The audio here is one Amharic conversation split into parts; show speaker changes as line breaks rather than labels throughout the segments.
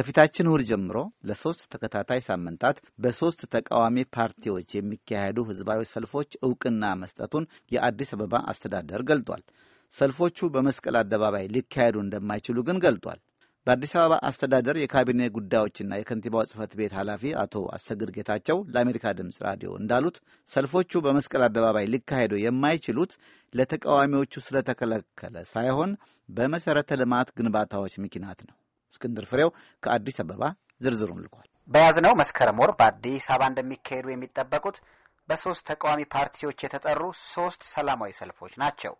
ከፊታችን እሁድ ጀምሮ ለሶስት ተከታታይ ሳምንታት በሶስት ተቃዋሚ ፓርቲዎች የሚካሄዱ ህዝባዊ ሰልፎች እውቅና መስጠቱን የአዲስ አበባ አስተዳደር ገልጧል። ሰልፎቹ በመስቀል አደባባይ ሊካሄዱ እንደማይችሉ ግን ገልጧል። በአዲስ አበባ አስተዳደር የካቢኔ ጉዳዮችና የከንቲባው ጽህፈት ቤት ኃላፊ አቶ አሰግድ ጌታቸው ለአሜሪካ ድምፅ ራዲዮ እንዳሉት ሰልፎቹ በመስቀል አደባባይ ሊካሄዱ የማይችሉት ለተቃዋሚዎቹ ስለተከለከለ ሳይሆን በመሠረተ ልማት ግንባታዎች ምክንያት ነው። እስክንድር ፍሬው ከአዲስ አበባ ዝርዝሩን ልኳል። በያዝነው መስከረም ወር በአዲስ አበባ እንደሚካሄዱ የሚጠበቁት
በሶስት ተቃዋሚ ፓርቲዎች የተጠሩ ሶስት ሰላማዊ ሰልፎች ናቸው።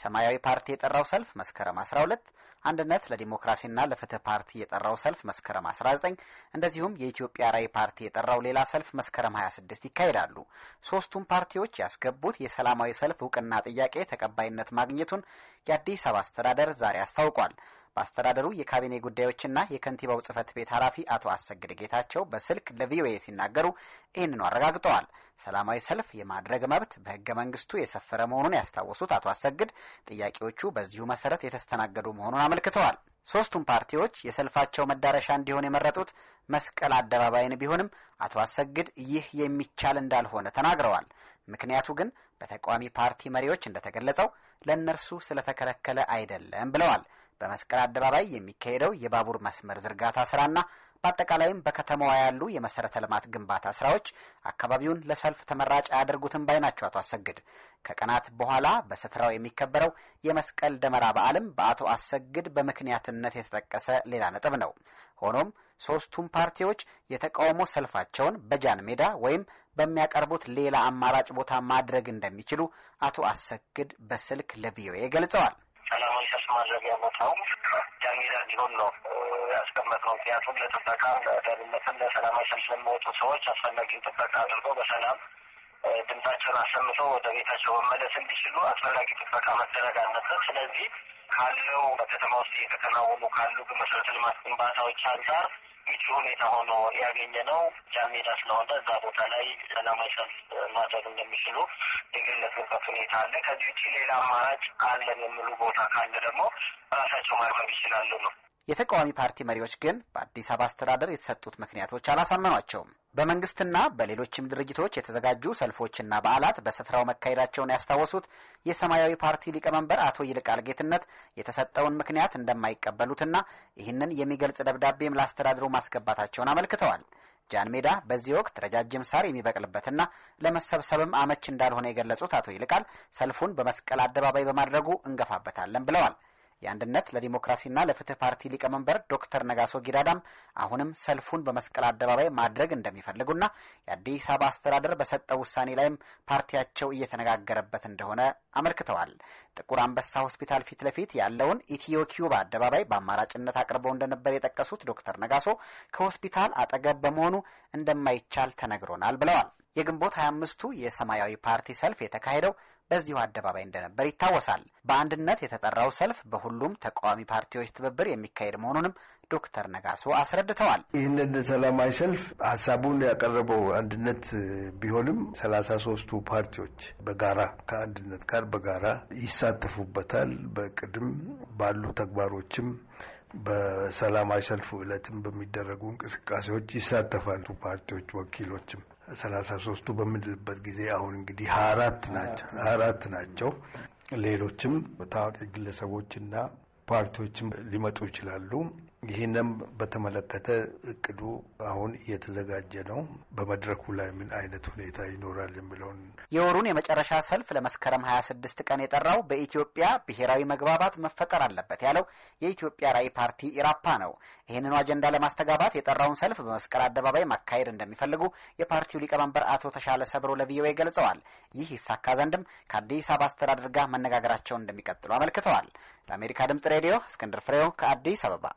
ሰማያዊ ፓርቲ የጠራው ሰልፍ መስከረም 12፣ አንድነት ለዲሞክራሲና ለፍትህ ፓርቲ የጠራው ሰልፍ መስከረም 19፣ እንደዚሁም የኢትዮጵያ ራዕይ ፓርቲ የጠራው ሌላ ሰልፍ መስከረም 26 ይካሄዳሉ። ሶስቱም ፓርቲዎች ያስገቡት የሰላማዊ ሰልፍ እውቅና ጥያቄ ተቀባይነት ማግኘቱን የአዲስ አበባ አስተዳደር ዛሬ አስታውቋል። በአስተዳደሩ የካቢኔ ጉዳዮችና የከንቲባው ጽህፈት ቤት ኃላፊ አቶ አሰግድ ጌታቸው በስልክ ለቪኦኤ ሲናገሩ ይህንኑ አረጋግጠዋል። ሰላማዊ ሰልፍ የማድረግ መብት በህገ መንግስቱ የሰፈረ መሆኑን ያስታወሱት አቶ አሰግድ ጥያቄዎቹ በዚሁ መሰረት የተስተናገዱ መሆኑን አመልክተዋል። ሶስቱም ፓርቲዎች የሰልፋቸው መዳረሻ እንዲሆን የመረጡት መስቀል አደባባይን ቢሆንም አቶ አሰግድ ይህ የሚቻል እንዳልሆነ ተናግረዋል። ምክንያቱ ግን በተቃዋሚ ፓርቲ መሪዎች እንደተገለጸው ለእነርሱ ስለተከለከለ አይደለም ብለዋል። በመስቀል አደባባይ የሚካሄደው የባቡር መስመር ዝርጋታ ስራና በአጠቃላይም በከተማዋ ያሉ የመሰረተ ልማት ግንባታ ስራዎች አካባቢውን ለሰልፍ ተመራጭ አያደርጉትም ባይ ናቸው አቶ አሰግድ። ከቀናት በኋላ በስፍራው የሚከበረው የመስቀል ደመራ በዓልም በአቶ አሰግድ በምክንያትነት የተጠቀሰ ሌላ ነጥብ ነው። ሆኖም ሶስቱም ፓርቲዎች የተቃውሞ ሰልፋቸውን በጃን ሜዳ ወይም በሚያቀርቡት ሌላ አማራጭ ቦታ ማድረግ እንደሚችሉ አቶ አሰግድ በስልክ ለቪኦኤ ገልጸዋል። ነው ጃንሜዳ እንዲሆን ነው ያስቀመጥነው። ምክንያቱም ለጥበቃ ለደህንነትም፣ ለሰላማዊ ሰልፍ ለሚወጡ ሰዎች አስፈላጊውን ጥበቃ አድርጎ በሰላም ድምጻቸውን አሰምተው ወደ ቤታቸው መመለስ እንዲችሉ አስፈላጊ ጥበቃ መደረግ አለበት። ስለዚህ ካለው በከተማ ውስጥ እየተከናወኑ ካሉ መሰረተ ልማት ግንባታዎች አንጻር ምቹ ሁኔታ ሆኖ ያገኘ ነው ጃሜዳ ስለሆነ እዛ ቦታ ላይ ሰላማዊ ሰልፍ ማድረግ እንደሚችሉ የገለጽንበት ሁኔታ አለ። ከዚህ ውጭ ሌላ አማራጭ አለን የሚሉ ቦታ ካለ ደግሞ ራሳቸው ማድረግ ይችላሉ ነው የተቃዋሚ ፓርቲ መሪዎች ግን በአዲስ አበባ አስተዳደር የተሰጡት ምክንያቶች አላሳመኗቸውም። በመንግስትና በሌሎችም ድርጅቶች የተዘጋጁ ሰልፎችና በዓላት በስፍራው መካሄዳቸውን ያስታወሱት የሰማያዊ ፓርቲ ሊቀመንበር አቶ ይልቃል ጌትነት የተሰጠውን ምክንያት እንደማይቀበሉትና ይህንን የሚገልጽ ደብዳቤም ለአስተዳደሩ ማስገባታቸውን አመልክተዋል። ጃን ሜዳ በዚህ ወቅት ረጃጅም ሳር የሚበቅልበትና ለመሰብሰብም አመች እንዳልሆነ የገለጹት አቶ ይልቃል ሰልፉን በመስቀል አደባባይ በማድረጉ እንገፋበታለን ብለዋል። የአንድነት ለዲሞክራሲና ለፍትህ ፓርቲ ሊቀመንበር ዶክተር ነጋሶ ጊዳዳም አሁንም ሰልፉን በመስቀል አደባባይ ማድረግ እንደሚፈልጉና የአዲስ አበባ አስተዳደር በሰጠው ውሳኔ ላይም ፓርቲያቸው እየተነጋገረበት እንደሆነ አመልክተዋል። ጥቁር አንበሳ ሆስፒታል ፊት ለፊት ያለውን ኢትዮ ኪዩብ አደባባይ በአማራጭነት አቅርበው እንደነበር የጠቀሱት ዶክተር ነጋሶ ከሆስፒታል አጠገብ በመሆኑ እንደማይቻል ተነግሮናል ብለዋል። የግንቦት 25ቱ የሰማያዊ ፓርቲ ሰልፍ የተካሄደው በዚሁ አደባባይ እንደነበር ይታወሳል። በአንድነት የተጠራው ሰልፍ በሁሉም ተቃዋሚ ፓርቲዎች ትብብር የሚካሄድ መሆኑንም ዶክተር ነጋሶ አስረድተዋል።
ይህንን ሰላማዊ ሰልፍ ሀሳቡን ያቀረበው አንድነት ቢሆንም ሰላሳ ሶስቱ ፓርቲዎች በጋራ ከአንድነት ጋር በጋራ ይሳተፉበታል። በቅድም ባሉ ተግባሮችም በሰላማዊ ሰልፉ እለትም በሚደረጉ እንቅስቃሴዎች ይሳተፋሉ። ፓርቲዎች ወኪሎችም ሰላሳ ሶስቱ በምንልበት ጊዜ አሁን እንግዲህ ሀያ አራት ናቸው ሀያ አራት ናቸው። ሌሎችም ታዋቂ ግለሰቦችና ፓርቲዎችም ሊመጡ ይችላሉ። ይህንም በተመለከተ እቅዱ አሁን እየተዘጋጀ ነው። በመድረኩ ላይ ምን አይነት ሁኔታ ይኖራል የሚለውን
የወሩን የመጨረሻ ሰልፍ ለመስከረም ሀያ ስድስት ቀን የጠራው በኢትዮጵያ ብሔራዊ መግባባት መፈጠር አለበት ያለው የኢትዮጵያ ራዕይ ፓርቲ ኢራፓ ነው። ይህንኑ አጀንዳ ለማስተጋባት የጠራውን ሰልፍ በመስቀል አደባባይ ማካሄድ እንደሚፈልጉ የፓርቲው ሊቀመንበር አቶ ተሻለ ሰብሮ ለቪኦኤ ገልጸዋል። ይህ ይሳካ ዘንድም ከአዲስ አበባ አስተዳደር ጋር መነጋገራቸውን እንደሚቀጥሉ
አመልክተዋል። ለአሜሪካ ድምጽ ሬዲዮ እስክንድር ፍሬው ከአዲስ አበባ